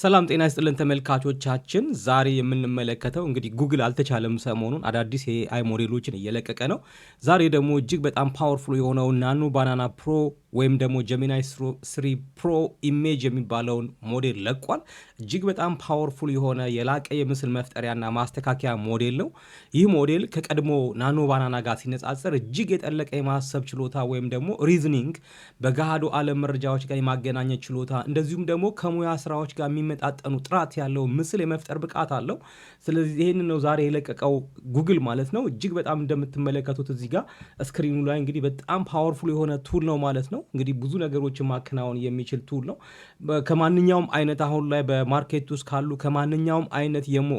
ሰላም ጤና ይስጥልን ተመልካቾቻችን፣ ዛሬ የምንመለከተው እንግዲህ ጉግል አልተቻለም ሰሞኑን አዳዲስ የኤአይ ሞዴሎችን እየለቀቀ ነው። ዛሬ ደግሞ እጅግ በጣም ፓወርፉል የሆነው ናኖ ባናና ፕሮ ወይም ደግሞ ጀሚናይ ስሪ ፕሮ ኢሜጅ የሚባለውን ሞዴል ለቋል። እጅግ በጣም ፓወርፉል የሆነ የላቀ የምስል መፍጠሪያና ማስተካከያ ሞዴል ነው። ይህ ሞዴል ከቀድሞ ናኖ ባናና ጋር ሲነጻጸር እጅግ የጠለቀ የማሰብ ችሎታ ወይም ደግሞ ሪዝኒንግ፣ በገሃዱ ዓለም መረጃዎች ጋር የማገናኘት ችሎታ እንደዚሁም ደግሞ ከሙያ ስራዎች ጋር የሚመጣጠኑ ጥራት ያለው ምስል የመፍጠር ብቃት አለው። ስለዚህ ይህን ነው ዛሬ የለቀቀው ጉግል ማለት ነው። እጅግ በጣም እንደምትመለከቱት እዚህ ጋር ስክሪኑ ላይ እንግዲህ በጣም ፓወርፉል የሆነ ቱል ነው ማለት ነው። ነው። እንግዲህ ብዙ ነገሮችን ማከናወን የሚችል ቱል ነው። ከማንኛውም አይነት አሁን ላይ በማርኬት ውስጥ ካሉ ከማንኛውም አይነት የሞ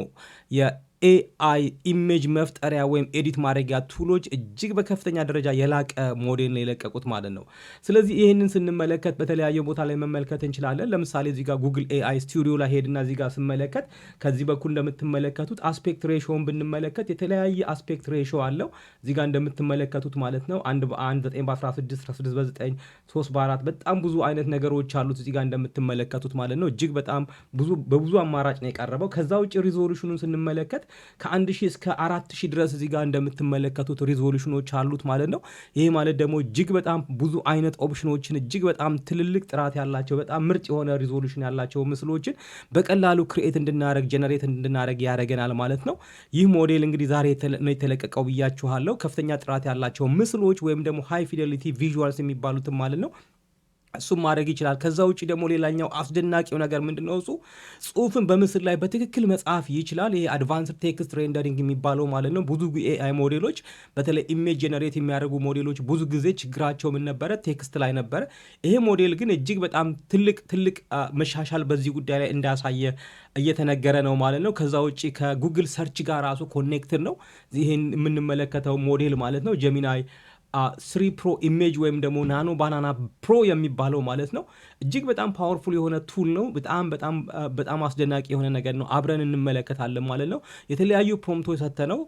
ኤአይ ኢሜጅ መፍጠሪያ ወይም ኤዲት ማድረጊያ ቱሎች እጅግ በከፍተኛ ደረጃ የላቀ ሞዴል ነው የለቀቁት ማለት ነው። ስለዚህ ይህንን ስንመለከት በተለያየ ቦታ ላይ መመልከት እንችላለን። ለምሳሌ እዚህ ጋር ጉግል ኤአይ ስቱዲዮ ላይ ሄድና እዚህ ጋር ስመለከት ከዚህ በኩል እንደምትመለከቱት አስፔክት ሬሾውን ብንመለከት የተለያየ አስፔክት ሬሾ አለው እዚህ ጋር እንደምትመለከቱት ማለት ነው። አንድ በአንድ ዘጠኝ በ16 ስድስት 16 ሶስት በአራት በጣም ብዙ አይነት ነገሮች አሉት እዚህ ጋር እንደምትመለከቱት ማለት ነው። እጅግ በጣም ብዙ በብዙ አማራጭ ነው የቀረበው። ከዛ ውጭ ሪዞሉሽኑን ስንመለከት ከአንድ ሺህ እስከ አራት ሺህ ድረስ እዚህ ጋር እንደምትመለከቱት ሪዞሉሽኖች አሉት ማለት ነው። ይህ ማለት ደግሞ እጅግ በጣም ብዙ አይነት ኦፕሽኖችን እጅግ በጣም ትልልቅ ጥራት ያላቸው በጣም ምርጥ የሆነ ሪዞሉሽን ያላቸው ምስሎችን በቀላሉ ክሬኤት እንድናደረግ ጀነሬት እንድናደረግ ያደረገናል ማለት ነው። ይህ ሞዴል እንግዲህ ዛሬ ነው የተለቀቀው ብያችኋለሁ። ከፍተኛ ጥራት ያላቸው ምስሎች ወይም ደግሞ ሃይ ፊደሊቲ ቪዥዋልስ የሚባሉትን ማለት ነው እሱም ማድረግ ይችላል። ከዛ ውጭ ደግሞ ሌላኛው አስደናቂው ነገር ምንድነው? እሱ ጽሁፍን በምስል ላይ በትክክል መጻፍ ይችላል። ይሄ አድቫንስድ ቴክስት ሬንደሪንግ የሚባለው ማለት ነው። ብዙ ኤአይ ሞዴሎች በተለይ ኢሜጅ ጀነሬት የሚያደርጉ ሞዴሎች ብዙ ጊዜ ችግራቸው ምን ነበረ? ቴክስት ላይ ነበረ። ይሄ ሞዴል ግን እጅግ በጣም ትልቅ ትልቅ መሻሻል በዚህ ጉዳይ ላይ እንዳሳየ እየተነገረ ነው ማለት ነው። ከዛ ውጭ ከጉግል ሰርች ጋር ራሱ ኮኔክትድ ነው ይህን የምንመለከተው ሞዴል ማለት ነው ጀሚናይ ስሪ ፕሮ ኢሜጅ ወይም ደግሞ ናኖ ባናና ፕሮ የሚባለው ማለት ነው። እጅግ በጣም ፓወርፉል የሆነ ቱል ነው። በጣም በጣም በጣም አስደናቂ የሆነ ነገር ነው። አብረን እንመለከታለን ማለት ነው። የተለያዩ ፕሮምቶ የሰጠ ነው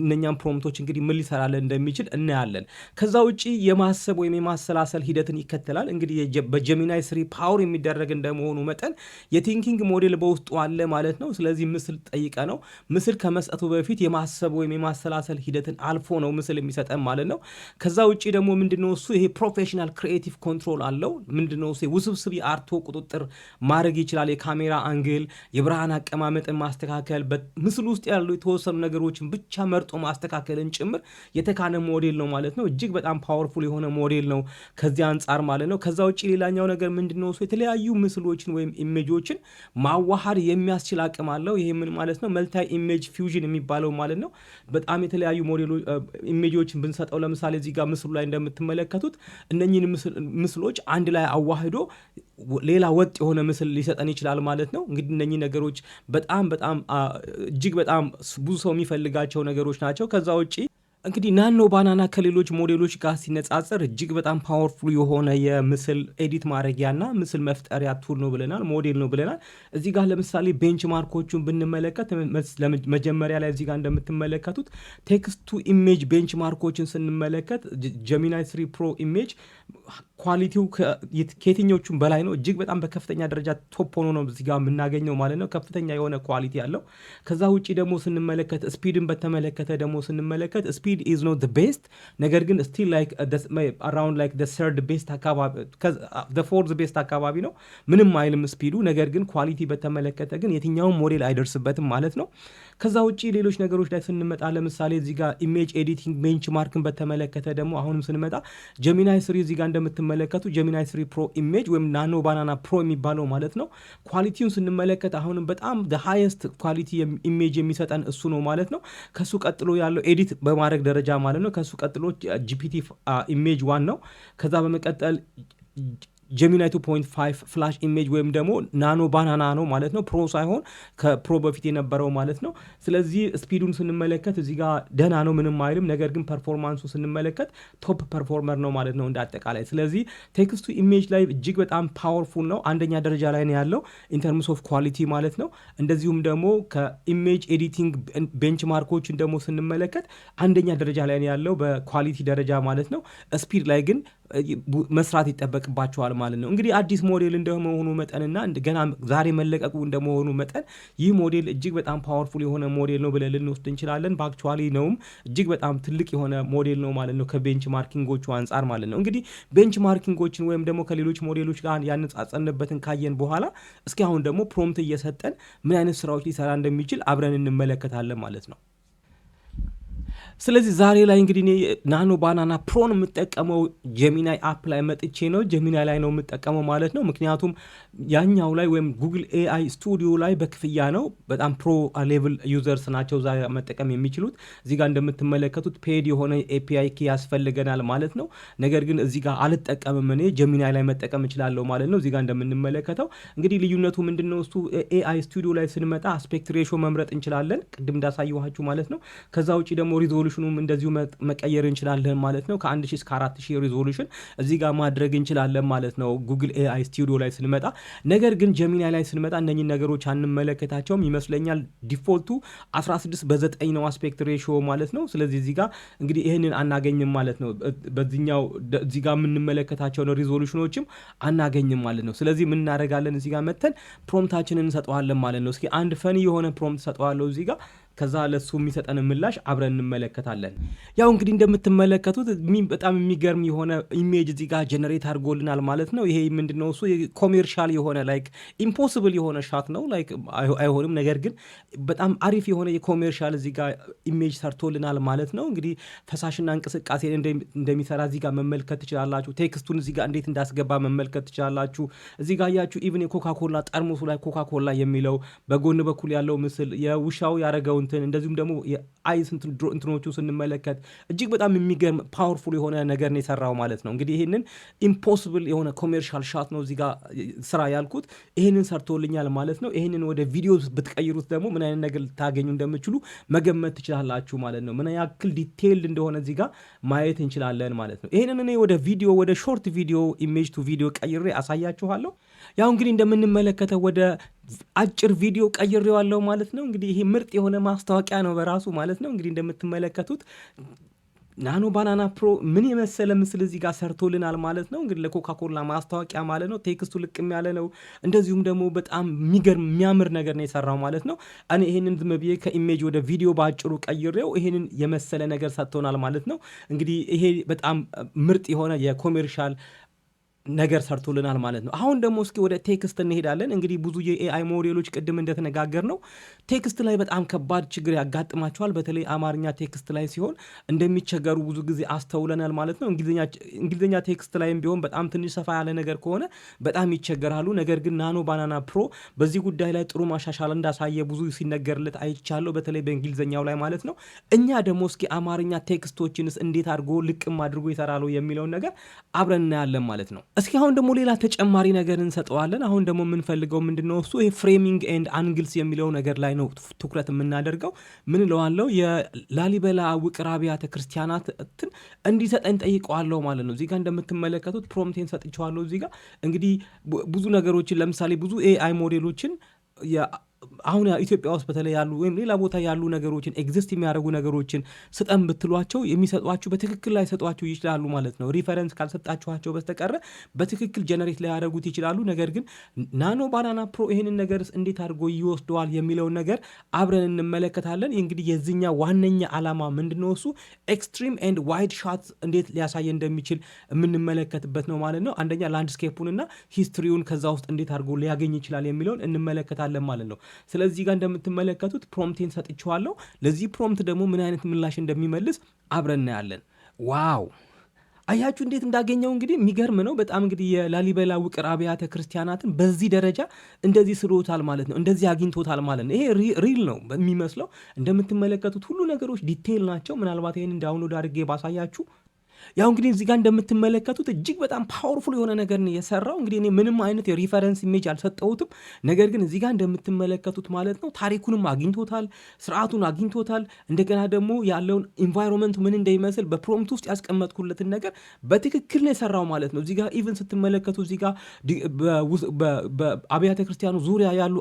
እነኛም ፕሮምቶች እንግዲህ ምን ሊሰራለን እንደሚችል እናያለን። ከዛ ውጭ የማሰብ ወይም የማሰላሰል ሂደትን ይከተላል። እንግዲህ በጀሚናይ ስሪ ፓወር የሚደረግ እንደመሆኑ መጠን የቲንኪንግ ሞዴል በውስጡ አለ ማለት ነው። ስለዚህ ምስል ጠይቀ ነው ምስል ከመስጠቱ በፊት የማሰብ ወይም የማሰላሰል ሂደትን አልፎ ነው ምስል የሚሰጠን ማለት ነው። ከዛ ውጭ ደግሞ ምንድነው እሱ ይሄ ፕሮፌሽናል ክሪኤቲቭ ኮንትሮል አለው። ምንድነው እሱ ውስብስብ የአርቶ ቁጥጥር ማድረግ ይችላል። የካሜራ አንግል፣ የብርሃን አቀማመጥን ማስተካከል፣ ምስል ውስጥ ያሉ የተወሰኑ ነገሮችን ብቻ ብቻ መርጦ ማስተካከልን ጭምር የተካነ ሞዴል ነው ማለት ነው። እጅግ በጣም ፓወርፉል የሆነ ሞዴል ነው ከዚህ አንጻር ማለት ነው። ከዛ ውጭ ሌላኛው ነገር ምንድነው እሱ የተለያዩ ምስሎችን ወይም ኢሜጆችን ማዋሃድ የሚያስችል አቅም አለው። ይሄ ምን ማለት ነው? መልታይ ኢሜጅ ፊውዥን የሚባለው ማለት ነው። በጣም የተለያዩ ሞዴሎች ኢሜጆችን ብንሰጠው ለምሳሌ እዚህ ጋር ምስሉ ላይ እንደምትመለከቱት እነኚህን ምስሎች አንድ ላይ አዋህዶ ሌላ ወጥ የሆነ ምስል ሊሰጠን ይችላል ማለት ነው። እንግዲህ እነኚህ ነገሮች በጣም በጣም እጅግ በጣም ብዙ ሰው የሚፈልጋቸው ነገሮች ናቸው። ከዛ ውጪ እንግዲህ ናኖ ባናና ከሌሎች ሞዴሎች ጋር ሲነጻጸር እጅግ በጣም ፓወርፉል የሆነ የምስል ኤዲት ማድረጊያና ምስል መፍጠሪያ ቱል ነው ብለናል፣ ሞዴል ነው ብለናል። እዚህ ጋር ለምሳሌ ቤንች ማርኮቹን ብንመለከት መጀመሪያ ላይ እዚህ ጋር እንደምትመለከቱት ቴክስት ቱ ኢሜጅ ቤንች ማርኮችን ስንመለከት ጀሚናይ ስሪ ፕሮ ኢሜጅ ኳሊቲው ከየትኞቹም በላይ ነው። እጅግ በጣም በከፍተኛ ደረጃ ቶፕ ሆኖ ነው እዚህ ጋር የምናገኘው ማለት ነው። ከፍተኛ የሆነ ኳሊቲ አለው። ከዛ ውጭ ደግሞ ስንመለከት ስፒድን በተመለከተ ደግሞ ስንመለከት ስፒድ ስቲል ኢዝ ኖ ቤስት፣ ነገር ግን ስቲል ላይክ አራውንድ ላይክ ሰርድ ቤስት አካባቢ ፎርዝ ቤስት uh, አካባቢ ነው። ምንም አይልም ስፒዱ። ነገር ግን ኳሊቲ በተመለከተ ግን የትኛውም ሞዴል አይደርስበትም ማለት ነው። ከዛ ውጭ ሌሎች ነገሮች ላይ ስንመጣ ለምሳሌ እዚህ ጋር ኢሜጅ ኤዲቲንግ ቤንችማርክን ማርክን በተመለከተ ደግሞ አሁንም ስንመጣ ጀሚናይ ስሪ እዚህ ጋር እንደምትመለከቱ ጀሚናይ ስሪ ፕሮ ኢሜጅ ወይም ናኖ ባናና ፕሮ የሚባለው ማለት ነው። ኳሊቲውን ስንመለከት አሁንም በጣም ሃየስት ኳሊቲ ኢሜጅ የሚሰጠን እሱ ነው ማለት ነው። ከሱ ቀጥሎ ያለው ኤዲት በማድረግ ደረጃ ማለት ነው። ከሱ ቀጥሎ ጂፒቲ ኢሜጅ ዋን ነው። ከዛ በመቀጠል ጀሚናይ 2.5 ፍላሽ ኢሜጅ ወይም ደግሞ ናኖ ባናና ነው ማለት ነው። ፕሮ ሳይሆን ከፕሮ በፊት የነበረው ማለት ነው። ስለዚህ ስፒዱን ስንመለከት እዚህ ጋር ደህና ነው፣ ምንም አይልም። ነገር ግን ፐርፎርማንሱ ስንመለከት ቶፕ ፐርፎርመር ነው ማለት ነው እንደ አጠቃላይ። ስለዚህ ቴክስቱ ኢሜጅ ላይ እጅግ በጣም ፓወርፉል ነው፣ አንደኛ ደረጃ ላይ ነው ያለው ኢንተርምስ ኦፍ ኳሊቲ ማለት ነው። እንደዚሁም ደግሞ ከኢሜጅ ኤዲቲንግ ቤንችማርኮችን ደግሞ ስንመለከት አንደኛ ደረጃ ላይ ነው ያለው በኳሊቲ ደረጃ ማለት ነው። ስፒድ ላይ ግን መስራት ይጠበቅባቸዋል ማለት ነው። እንግዲህ አዲስ ሞዴል እንደመሆኑ መጠንና ገና ዛሬ መለቀቁ እንደመሆኑ መጠን ይህ ሞዴል እጅግ በጣም ፓወርፉል የሆነ ሞዴል ነው ብለን ልንወስድ እንችላለን። በአክቹዋሊ ነውም እጅግ በጣም ትልቅ የሆነ ሞዴል ነው ማለት ነው ከቤንች ማርኪንጎቹ አንጻር ማለት ነው። እንግዲህ ቤንች ማርኪንጎችን ወይም ደግሞ ከሌሎች ሞዴሎች ጋር ያነጻጸንበትን ካየን በኋላ እስኪ አሁን ደግሞ ፕሮምት እየሰጠን ምን አይነት ስራዎች ሊሰራ እንደሚችል አብረን እንመለከታለን ማለት ነው። ስለዚህ ዛሬ ላይ እንግዲህ እኔ ናኖ ባናና ፕሮን የምጠቀመው ጀሚናይ አፕ ላይ መጥቼ ነው። ጀሚናይ ላይ ነው የምጠቀመው ማለት ነው። ምክንያቱም ያኛው ላይ ወይም ጉግል ኤአይ ስቱዲዮ ላይ በክፍያ ነው። በጣም ፕሮ ሌቭል ዩዘርስ ናቸው ዛሬ መጠቀም የሚችሉት። እዚህ ጋር እንደምትመለከቱት ፔድ የሆነ ኤፒአይ ኪ ያስፈልገናል ማለት ነው። ነገር ግን እዚህ ጋር አልጠቀምም እኔ ጀሚናይ ላይ መጠቀም እችላለሁ ማለት ነው። እዚህ ጋር እንደምንመለከተው እንግዲህ ልዩነቱ ምንድን ነው? እሱ ኤአይ ስቱዲዮ ላይ ስንመጣ አስፔክት ሬሾ መምረጥ እንችላለን፣ ቅድም እንዳሳየኋችሁ ማለት ነው። ከዛ ውጭ ደግሞ ሪዞሉ ሪዞሉሽኑም እንደዚሁ መቀየር እንችላለን ማለት ነው። ከአንድ ሺህ እስከ አራት ሺህ ሪዞሉሽን እዚህ ጋር ማድረግ እንችላለን ማለት ነው ጉግል ኤአይ ስቱዲዮ ላይ ስንመጣ። ነገር ግን ጀሚናይ ላይ ስንመጣ እነኚህ ነገሮች አንመለከታቸውም ይመስለኛል። ዲፎልቱ 16 በ9 ነው አስፔክት ሬሽዮ ማለት ነው። ስለዚህ እዚህ ጋር እንግዲህ ይህንን አናገኝም ማለት ነው። በዚኛው እዚህ ጋር የምንመለከታቸውን ሪዞሉሽኖችም አናገኝም ማለት ነው። ስለዚህ ምን እናደርጋለን? እዚህ ጋር መተን ፕሮምታችንን እንሰጠዋለን ማለት ነው። እስኪ አንድ ፈኒ የሆነ ፕሮምት ሰጠዋለሁ እዚህ ጋር ከዛ ለሱ የሚሰጠን ምላሽ አብረን እንመለከታለን። ያው እንግዲህ እንደምትመለከቱት በጣም የሚገርም የሆነ ኢሜጅ እዚህ ጋር ጀነሬት አድርጎልናል ማለት ነው። ይሄ ምንድነው እሱ ኮሜርሻል የሆነ ላይክ ኢምፖስብል የሆነ ሻት ነው ላይክ አይሆንም። ነገር ግን በጣም አሪፍ የሆነ የኮሜርሻል እዚህ ጋር ኢሜጅ ሰርቶልናል ማለት ነው። እንግዲህ ፈሳሽና እንቅስቃሴ እንደሚሰራ እዚህ ጋር መመልከት ትችላላችሁ። ቴክስቱን እዚህ ጋር እንዴት እንዳስገባ መመልከት ትችላላችሁ። እዚህ ጋር ያችሁ ኢቭን የኮካኮላ ጠርሙሱ ላይ ኮካኮላ የሚለው በጎን በኩል ያለው ምስል የውሻው ያደረገውን እንትን እንደዚሁም ደግሞ የአይስ እንትኖቹ ስንመለከት እጅግ በጣም የሚገርም ፓወርፉል የሆነ ነገር ነው የሰራው ማለት ነው። እንግዲህ ይህንን ኢምፖስብል የሆነ ኮሜርሻል ሻት ነው እዚጋ ስራ ያልኩት ይህንን ሰርቶልኛል ማለት ነው። ይህንን ወደ ቪዲዮ ብትቀይሩት ደግሞ ምን አይነት ነገር ልታገኙ እንደምችሉ መገመት ትችላላችሁ ማለት ነው። ምን ያክል ዲቴይልድ እንደሆነ እዚጋ ማየት እንችላለን ማለት ነው። ይህንን እኔ ወደ ቪዲዮ ወደ ሾርት ቪዲዮ ኢሜጅ ቱ ቪዲዮ ቀይሬ አሳያችኋለሁ። ያው እንግዲህ እንደምንመለከተው ወደ አጭር ቪዲዮ ቀይሬዋለሁ ማለት ነው። እንግዲህ ይሄ ምርጥ የሆነ ማስታወቂያ ነው በራሱ ማለት ነው። እንግዲህ እንደምትመለከቱት ናኖ ባናና ፕሮ ምን የመሰለ ምስል እዚህ ጋር ሰርቶልናል ማለት ነው። እንግዲህ ለኮካኮላ ማስታወቂያ ማለት ነው። ቴክስቱ ልቅም ያለ ነው። እንደዚሁም ደግሞ በጣም የሚገርም የሚያምር ነገር ነው የሰራው ማለት ነው። እኔ ይህንን ዝም ብዬ ከኢሜጅ ወደ ቪዲዮ በአጭሩ ቀይሬው ይሄንን የመሰለ ነገር ሰጥቶናል ማለት ነው። እንግዲህ ይሄ በጣም ምርጥ የሆነ የኮሜርሻል ነገር ሰርቶልናል ማለት ነው። አሁን ደግሞ እስኪ ወደ ቴክስት እንሄዳለን። እንግዲህ ብዙ የኤአይ ሞዴሎች ቅድም እንደተነጋገር ነው ቴክስት ላይ በጣም ከባድ ችግር ያጋጥማቸዋል። በተለይ አማርኛ ቴክስት ላይ ሲሆን እንደሚቸገሩ ብዙ ጊዜ አስተውለናል ማለት ነው። እንግሊዝኛ ቴክስት ላይም ቢሆን በጣም ትንሽ ሰፋ ያለ ነገር ከሆነ በጣም ይቸገራሉ። ነገር ግን ናኖ ባናና ፕሮ በዚህ ጉዳይ ላይ ጥሩ ማሻሻል እንዳሳየ ብዙ ሲነገርለት አይቻለሁ፣ በተለይ በእንግሊዝኛው ላይ ማለት ነው። እኛ ደግሞ እስኪ አማርኛ ቴክስቶችንስ እንዴት አድርጎ ልቅም አድርጎ ይሰራሉ የሚለውን ነገር አብረን እናያለን ማለት ነው። እስኪ አሁን ደግሞ ሌላ ተጨማሪ ነገር እንሰጠዋለን። አሁን ደግሞ የምንፈልገው ምንድነው? እሱ ይሄ ፍሬሚንግ ኤንድ አንግልስ የሚለው ነገር ላይ ነው ትኩረት የምናደርገው። ምን እለዋለሁ? የላሊበላ ውቅር አብያተ ክርስቲያናትን እንዲሰጠን ጠይቀዋለሁ ማለት ነው። እዚጋ እንደምትመለከቱት ፕሮምቴን ሰጥቸዋለሁ። እዚጋ እንግዲህ ብዙ ነገሮችን ለምሳሌ ብዙ ኤአይ ሞዴሎችን አሁን ኢትዮጵያ ውስጥ በተለይ ያሉ ወይም ሌላ ቦታ ያሉ ነገሮችን ኤግዚስት የሚያደርጉ ነገሮችን ስጠን ብትሏቸው የሚሰጧችሁ በትክክል ሰጧችሁ ይችላሉ ማለት ነው። ሪፈረንስ ካልሰጣችኋቸው በስተቀረ በትክክል ጀነሬት ሊያደርጉት ይችላሉ። ነገር ግን ናኖ ባናና ፕሮ ይህንን ነገር እንዴት አድርጎ ይወስደዋል የሚለውን ነገር አብረን እንመለከታለን። እንግዲህ የዚኛ ዋነኛ ዓላማ ምንድነው? እሱ ኤክስትሪም ኤንድ ዋይድ ሻት እንዴት ሊያሳይ እንደሚችል የምንመለከትበት ነው ማለት ነው። አንደኛ ላንድስኬፑንና ሂስትሪውን ከዛ ውስጥ እንዴት አድርጎ ሊያገኝ ይችላል የሚለውን እንመለከታለን ማለት ነው። ስለዚህ ጋር እንደምትመለከቱት ፕሮምቴን ሰጥችዋለሁ ለዚህ ፕሮምት ደግሞ ምን አይነት ምላሽ እንደሚመልስ አብረን እናያለን። ዋው አያችሁ እንዴት እንዳገኘው እንግዲህ የሚገርም ነው በጣም እንግዲህ የላሊበላ ውቅር አብያተ ክርስቲያናትን በዚህ ደረጃ እንደዚህ ስሎታል ማለት ነው። እንደዚህ አግኝቶታል ማለት ነው። ይሄ ሪል ነው የሚመስለው እንደምትመለከቱት ሁሉ ነገሮች ዲቴይል ናቸው። ምናልባት ይህን ዳውንሎድ አድርጌ ባሳያችሁ ያው እንግዲህ እዚህ ጋር እንደምትመለከቱት እጅግ በጣም ፓወርፉል የሆነ ነገር የሰራው። እንግዲህ እኔ ምንም አይነት የሪፈረንስ ኢሜጅ አልሰጠሁትም፣ ነገር ግን እዚህ ጋር እንደምትመለከቱት ማለት ነው ታሪኩንም አግኝቶታል፣ ስርዓቱን አግኝቶታል። እንደገና ደግሞ ያለውን ኢንቫይሮንመንቱ ምን እንደሚመስል በፕሮምት ውስጥ ያስቀመጥኩለትን ነገር በትክክል ነው የሰራው ማለት ነው። እዚህ ጋር ኢቨን ስትመለከቱ እዚህ ጋር በአብያተ ክርስቲያኑ ዙሪያ ያሉ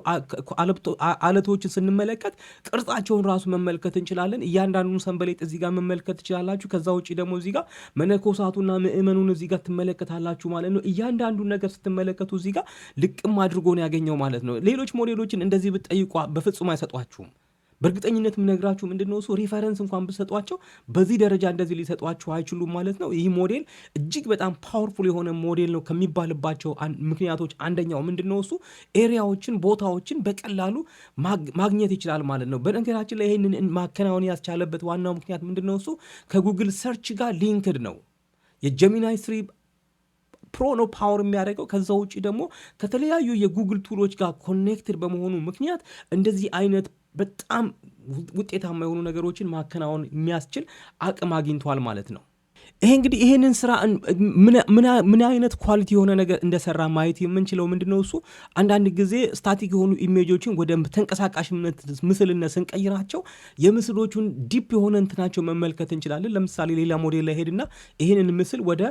አለቶችን ስንመለከት ቅርጻቸውን ራሱ መመልከት እንችላለን። እያንዳንዱን ሰንበሌጥ እዚህ ጋር መመልከት ትችላላችሁ። ከዛ ውጭ ደግሞ እዚህ ጋር መነኮሳቱና ምእመኑን እዚህ ጋር ትመለከታላችሁ ማለት ነው። እያንዳንዱ ነገር ስትመለከቱ እዚህ ጋር ልቅም አድርጎ ነው ያገኘው ማለት ነው። ሌሎች ሞዴሎችን እንደዚህ ብትጠይቋ በፍጹም አይሰጧችሁም። በእርግጠኝነት የምነግራችሁ ምንድን ነው እሱ ሪፈረንስ እንኳን ብሰጧቸው በዚህ ደረጃ እንደዚህ ሊሰጧችሁ አይችሉም ማለት ነው። ይህ ሞዴል እጅግ በጣም ፓወርፉል የሆነ ሞዴል ነው ከሚባልባቸው ምክንያቶች አንደኛው ምንድን ነው እሱ ኤሪያዎችን፣ ቦታዎችን በቀላሉ ማግኘት ይችላል ማለት ነው። በነገራችን ላይ ይህንን ማከናወን ያስቻለበት ዋናው ምክንያት ምንድን ነው እሱ ከጉግል ሰርች ጋር ሊንክድ ነው የጀሚናይ ስሪ ፕሮ ነው ፓወር የሚያደርገው። ከዛ ውጭ ደግሞ ከተለያዩ የጉግል ቱሎች ጋር ኮኔክትድ በመሆኑ ምክንያት እንደዚህ አይነት በጣም ውጤታማ የሆኑ ነገሮችን ማከናወን የሚያስችል አቅም አግኝቷል ማለት ነው። ይሄ እንግዲህ ይሄንን ስራ ምን አይነት ኳሊቲ የሆነ ነገር እንደሰራ ማየት የምንችለው ምንድነው ነው? እሱ አንዳንድ ጊዜ ስታቲክ የሆኑ ኢሜጆችን ወደ ተንቀሳቃሽነት ምስልነት ስንቀይራቸው የምስሎቹን ዲፕ የሆነ እንትናቸው መመልከት እንችላለን። ለምሳሌ ሌላ ሞዴል ላይ ሄድና ይህንን ምስል ወደ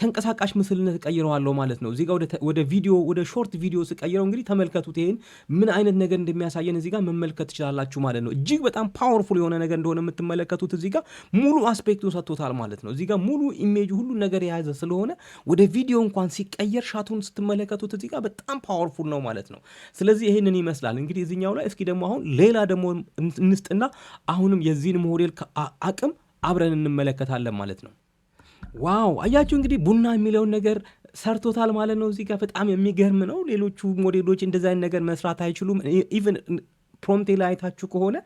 ተንቀሳቃሽ ምስልነት ቀይረዋለሁ ማለት ነው። እዚጋ ወደ ቪዲዮ ወደ ሾርት ቪዲዮ ስቀይረው እንግዲህ ተመልከቱት። ይሄን ምን አይነት ነገር እንደሚያሳየን እዚጋ መመልከት ትችላላችሁ ማለት ነው። እጅግ በጣም ፓወርፉል የሆነ ነገር እንደሆነ የምትመለከቱት እዚጋ ሙሉ አስፔክቱን ሰጥቶታል ማለት ነው። እዚጋ ሙሉ ኢሜጅ ሁሉ ነገር የያዘ ስለሆነ ወደ ቪዲዮ እንኳን ሲቀየር ሻቱን ስትመለከቱት እዚጋ በጣም ፓወርፉል ነው ማለት ነው። ስለዚህ ይህንን ይመስላል እንግዲህ እዚኛው ላይ እስኪ ደግሞ አሁን ሌላ ደግሞ እንስጥና አሁንም የዚህን ሞዴል አቅም አብረን እንመለከታለን ማለት ነው። ዋው አያችሁ እንግዲህ ቡና የሚለውን ነገር ሰርቶታል ማለት ነው። እዚህ ጋር በጣም የሚገርም ነው። ሌሎቹ ሞዴሎች እንደዛ አይነት ነገር መስራት አይችሉም። ኢቨን ፕሮምቴ ላይ አይታችሁ ከሆነ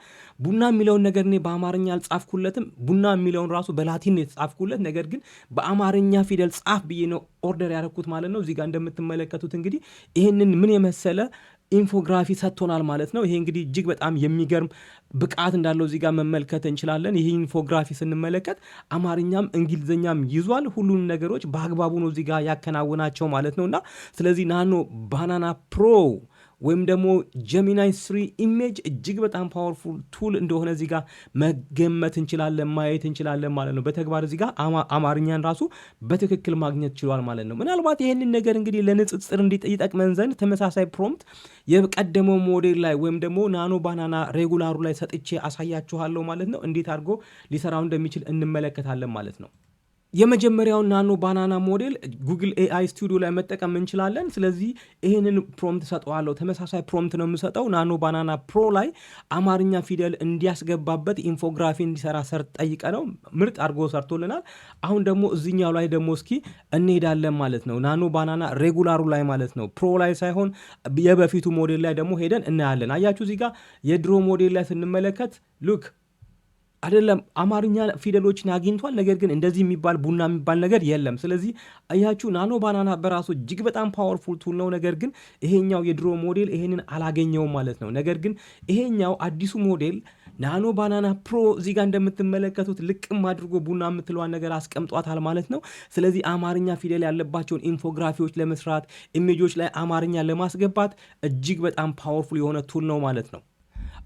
ቡና የሚለውን ነገር እኔ በአማርኛ አልጻፍኩለትም። ቡና የሚለውን ራሱ በላቲን የተጻፍኩለት ነገር ግን በአማርኛ ፊደል ጻፍ ብዬ ነው ኦርደር ያደረኩት ማለት ነው። እዚህ ጋር እንደምትመለከቱት እንግዲህ ይህንን ምን የመሰለ ኢንፎግራፊ ሰጥቶናል ማለት ነው። ይሄ እንግዲህ እጅግ በጣም የሚገርም ብቃት እንዳለው እዚህ ጋር መመልከት እንችላለን። ይሄ ኢንፎግራፊ ስንመለከት አማርኛም እንግሊዝኛም ይዟል። ሁሉን ነገሮች በአግባቡ ነው እዚህ ጋር ያከናውናቸው ማለት ነው እና ስለዚህ ናኖ ባናና ፕሮ ወይም ደግሞ ጀሚናይ ስሪ ኢሜጅ እጅግ በጣም ፓወርፉል ቱል እንደሆነ እዚህ ጋር መገመት እንችላለን፣ ማየት እንችላለን ማለት ነው። በተግባር እዚህ ጋር አማርኛን ራሱ በትክክል ማግኘት ችሏል ማለት ነው። ምናልባት ይህንን ነገር እንግዲህ ለንጽጽር እንዲጠቅመን ዘንድ ተመሳሳይ ፕሮምፕት የቀደመው ሞዴል ላይ ወይም ደግሞ ናኖ ባናና ሬጉላሩ ላይ ሰጥቼ አሳያችኋለሁ ማለት ነው። እንዴት አድርጎ ሊሰራው እንደሚችል እንመለከታለን ማለት ነው። የመጀመሪያውን ናኖ ባናና ሞዴል ጉግል ኤአይ ስቱዲዮ ላይ መጠቀም እንችላለን። ስለዚህ ይህንን ፕሮምት ሰጠዋለሁ። ተመሳሳይ ፕሮምት ነው የምሰጠው። ናኖ ባናና ፕሮ ላይ አማርኛ ፊደል እንዲያስገባበት ኢንፎግራፊ እንዲሰራ ሰር ጠይቀ ነው ምርጥ አድርጎ ሰርቶልናል። አሁን ደግሞ እዚኛው ላይ ደግሞ እስኪ እንሄዳለን ማለት ነው። ናኖ ባናና ሬጉላሩ ላይ ማለት ነው። ፕሮ ላይ ሳይሆን የበፊቱ ሞዴል ላይ ደግሞ ሄደን እናያለን። አያችሁ እዚህ የድሮ ሞዴል ላይ ስንመለከት ሉክ አይደለም አማርኛ ፊደሎችን አግኝቷል። ነገር ግን እንደዚህ የሚባል ቡና የሚባል ነገር የለም። ስለዚህ አያችሁ ናኖ ባናና በራሱ እጅግ በጣም ፓወርፉል ቱል ነው። ነገር ግን ይሄኛው የድሮ ሞዴል ይሄንን አላገኘውም ማለት ነው። ነገር ግን ይሄኛው አዲሱ ሞዴል ናኖ ባናና ፕሮ እዚህ ጋር እንደምትመለከቱት ልቅም አድርጎ ቡና የምትለዋን ነገር አስቀምጧታል ማለት ነው። ስለዚህ አማርኛ ፊደል ያለባቸውን ኢንፎግራፊዎች ለመስራት ኢሜጆች ላይ አማርኛ ለማስገባት እጅግ በጣም ፓወርፉል የሆነ ቱል ነው ማለት ነው።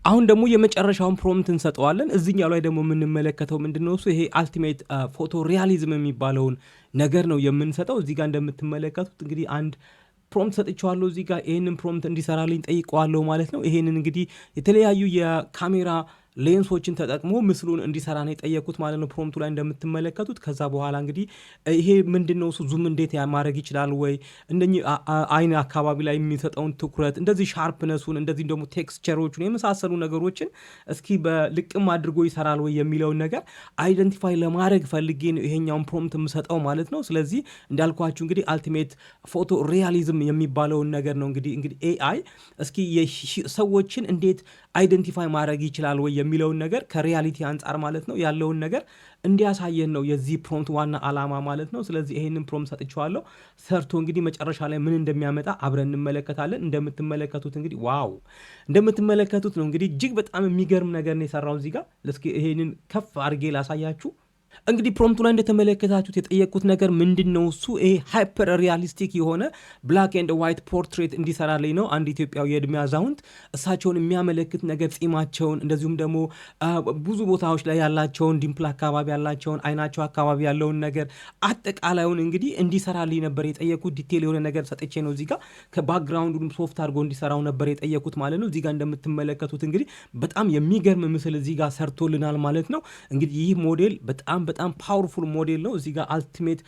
አሁን ደግሞ የመጨረሻውን ፕሮምት እንሰጠዋለን። እዚኛው ላይ ደግሞ የምንመለከተው ምንድነው እሱ ይሄ አልቲሜት ፎቶ ሪያሊዝም የሚባለውን ነገር ነው የምንሰጠው። እዚህ ጋር እንደምትመለከቱት እንግዲህ አንድ ፕሮምት ሰጥቸዋለሁ እዚህ ጋር ይህንን ፕሮምት እንዲሰራልኝ ጠይቀዋለሁ ማለት ነው። ይሄንን እንግዲህ የተለያዩ የካሜራ ሌንሶችን ተጠቅሞ ምስሉን እንዲሰራ ነው የጠየኩት ማለት ነው ፕሮምቱ ላይ እንደምትመለከቱት። ከዛ በኋላ እንግዲህ ይሄ ምንድን ነው እሱ ዙም እንዴት ማድረግ ይችላል ወይ እንደ አይን አካባቢ ላይ የሚሰጠውን ትኩረት እንደዚህ ሻርፕነሱን እንደዚህ ደግሞ ቴክስቸሮቹን የመሳሰሉ ነገሮችን እስኪ በልቅም አድርጎ ይሰራል ወይ የሚለውን ነገር አይደንቲፋይ ለማድረግ ፈልጌ ነው ይሄኛውን ፕሮምት የምሰጠው ማለት ነው። ስለዚህ እንዳልኳችሁ እንግዲህ አልቲሜት ፎቶ ሪያሊዝም የሚባለውን ነገር ነው እንግዲህ እንግዲህ ኤአይ እስኪ ሰዎችን እንዴት አይደንቲፋይ ማድረግ ይችላል ወይ የሚለውን ነገር ከሪያሊቲ አንጻር ማለት ነው ያለውን ነገር እንዲያሳየን ነው የዚህ ፕሮምት ዋና አላማ ማለት ነው። ስለዚህ ይህንን ፕሮምት ሰጥቼዋለሁ። ሰርቶ እንግዲህ መጨረሻ ላይ ምን እንደሚያመጣ አብረን እንመለከታለን። እንደምትመለከቱት እንግዲህ ዋው እንደምትመለከቱት ነው እንግዲህ እጅግ በጣም የሚገርም ነገር ነው የሰራው እዚህ ጋር። ይሄንን ከፍ አድርጌ ላሳያችሁ እንግዲህ ፕሮምቱ ላይ እንደተመለከታችሁት የጠየቁት ነገር ምንድን ነው? እሱ ይሄ ሃይፐር ሪያሊስቲክ የሆነ ብላክ ኤንድ ዋይት ፖርትሬት እንዲሰራልኝ ነው። አንድ ኢትዮጵያዊ የእድሜ አዛውንት እሳቸውን የሚያመለክት ነገር ጺማቸውን፣ እንደዚሁም ደግሞ ብዙ ቦታዎች ላይ ያላቸውን ዲምፕል አካባቢ ያላቸውን አይናቸው አካባቢ ያለውን ነገር አጠቃላዩን እንግዲህ እንዲሰራልኝ ነበር የጠየቁት። ዲቴል የሆነ ነገር ሰጥቼ ነው እዚጋ ከባክግራውንዱ ሶፍት አድርጎ እንዲሰራው ነበር የጠየቁት ማለት ነው። እዚጋ እንደምትመለከቱት እንግዲህ በጣም የሚገርም ምስል እዚጋ ሰርቶልናል ማለት ነው። እንግዲህ ይህ ሞዴል በጣም በጣም በጣም ፓወርፉል ሞዴል ነው። እዚህ ጋር አልቲሜት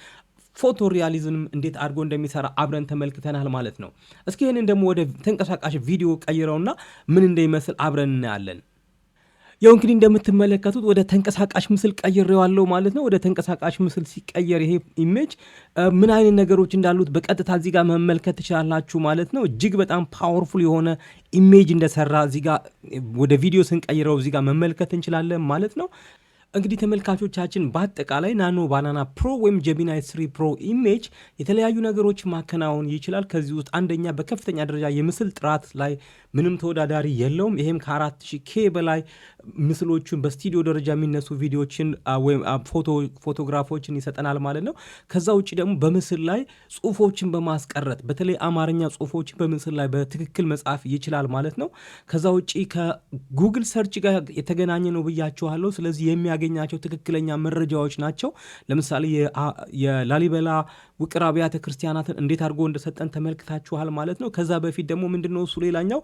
ፎቶ ሪያሊዝም እንዴት አድርጎ እንደሚሰራ አብረን ተመልክተናል ማለት ነው። እስኪ ይህንን ደግሞ ወደ ተንቀሳቃሽ ቪዲዮ ቀይረውና ምን እንደሚመስል አብረን እናያለን። ያው እንግዲህ እንደምትመለከቱት ወደ ተንቀሳቃሽ ምስል ቀይሬዋለሁ ማለት ነው። ወደ ተንቀሳቃሽ ምስል ሲቀየር ይሄ ኢሜጅ ምን አይነት ነገሮች እንዳሉት በቀጥታ እዚህ ጋር መመልከት ትችላላችሁ ማለት ነው። እጅግ በጣም ፓወርፉል የሆነ ኢሜጅ እንደሰራ እዚህ ጋር ወደ ቪዲዮ ስንቀይረው እዚህ ጋር መመልከት እንችላለን ማለት ነው። እንግዲህ ተመልካቾቻችን በአጠቃላይ ናኖ ባናና ፕሮ ወይም ጀሚናይ ስሪ ፕሮ ኢሜጅ የተለያዩ ነገሮች ማከናወን ይችላል። ከዚህ ውስጥ አንደኛ በከፍተኛ ደረጃ የምስል ጥራት ላይ ምንም ተወዳዳሪ የለውም። ይሄም ከ4000 ኬ በላይ ምስሎችን በስቱዲዮ ደረጃ የሚነሱ ቪዲዮችን ወይም ፎቶግራፎችን ይሰጠናል ማለት ነው። ከዛ ውጭ ደግሞ በምስል ላይ ጽሁፎችን በማስቀረት በተለይ አማርኛ ጽሁፎችን በምስል ላይ በትክክል መጻፍ ይችላል ማለት ነው። ከዛ ውጭ ከጉግል ሰርች ጋር የተገናኘ ነው ብያችኋለሁ። ስለዚህ የሚያገ ያገኛቸው ትክክለኛ መረጃዎች ናቸው። ለምሳሌ የላሊበላ ውቅር አብያተ ክርስቲያናትን እንዴት አድርጎ እንደሰጠን ተመልክታችኋል ማለት ነው። ከዛ በፊት ደግሞ ምንድነው እሱ ሌላኛው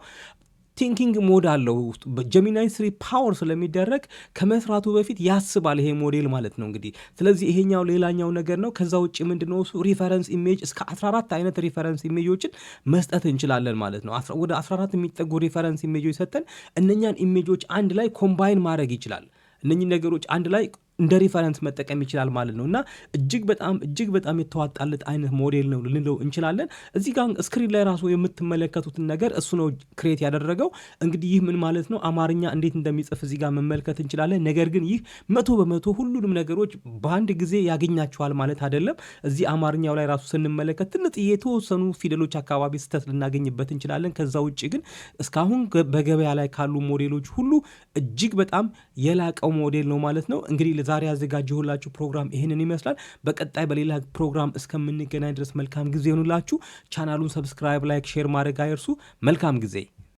ቲንኪንግ ሞድ አለው ውስጡ በጀሚናይ ስሪ ፓወር ስለሚደረግ ከመስራቱ በፊት ያስባል ይሄ ሞዴል ማለት ነው እንግዲህ። ስለዚህ ይሄኛው ሌላኛው ነገር ነው። ከዛ ውጭ ምንድነው እሱ ሪፈረንስ ኢሜጅ እስከ 14 አይነት ሪፈረንስ ኢሜጆችን መስጠት እንችላለን ማለት ነው። ወደ 14 የሚጠጉ ሪፈረንስ ኢሜጆች ሰጠን እነኛን ኢሜጆች አንድ ላይ ኮምባይን ማድረግ ይችላል። እነኚህ ነገሮች አንድ ላይ እንደ ሪፈረንስ መጠቀም ይችላል ማለት ነው እና እጅግ በጣም እጅግ በጣም የተዋጣለት አይነት ሞዴል ነው ልንለው እንችላለን። እዚህ ጋር እስክሪን ላይ ራሱ የምትመለከቱትን ነገር እሱ ነው ክሬት ያደረገው። እንግዲህ ይህ ምን ማለት ነው አማርኛ እንዴት እንደሚጽፍ እዚህ ጋር መመልከት እንችላለን። ነገር ግን ይህ መቶ በመቶ ሁሉንም ነገሮች በአንድ ጊዜ ያገኛቸዋል ማለት አይደለም። እዚህ አማርኛው ላይ ራሱ ስንመለከት ትንጥ የተወሰኑ ፊደሎች አካባቢ ስህተት ልናገኝበት እንችላለን። ከዛ ውጭ ግን እስካሁን በገበያ ላይ ካሉ ሞዴሎች ሁሉ እጅግ በጣም የላቀው ሞዴል ነው ማለት ነው እንግዲህ ለዛሬ ያዘጋጀሁላችሁ ፕሮግራም ይህንን ይመስላል። በቀጣይ በሌላ ፕሮግራም እስከምንገናኝ ድረስ መልካም ጊዜ ይሁንላችሁ። ቻናሉን ሰብስክራይብ፣ ላይክ፣ ሼር ማድረግ አይርሱ። መልካም ጊዜ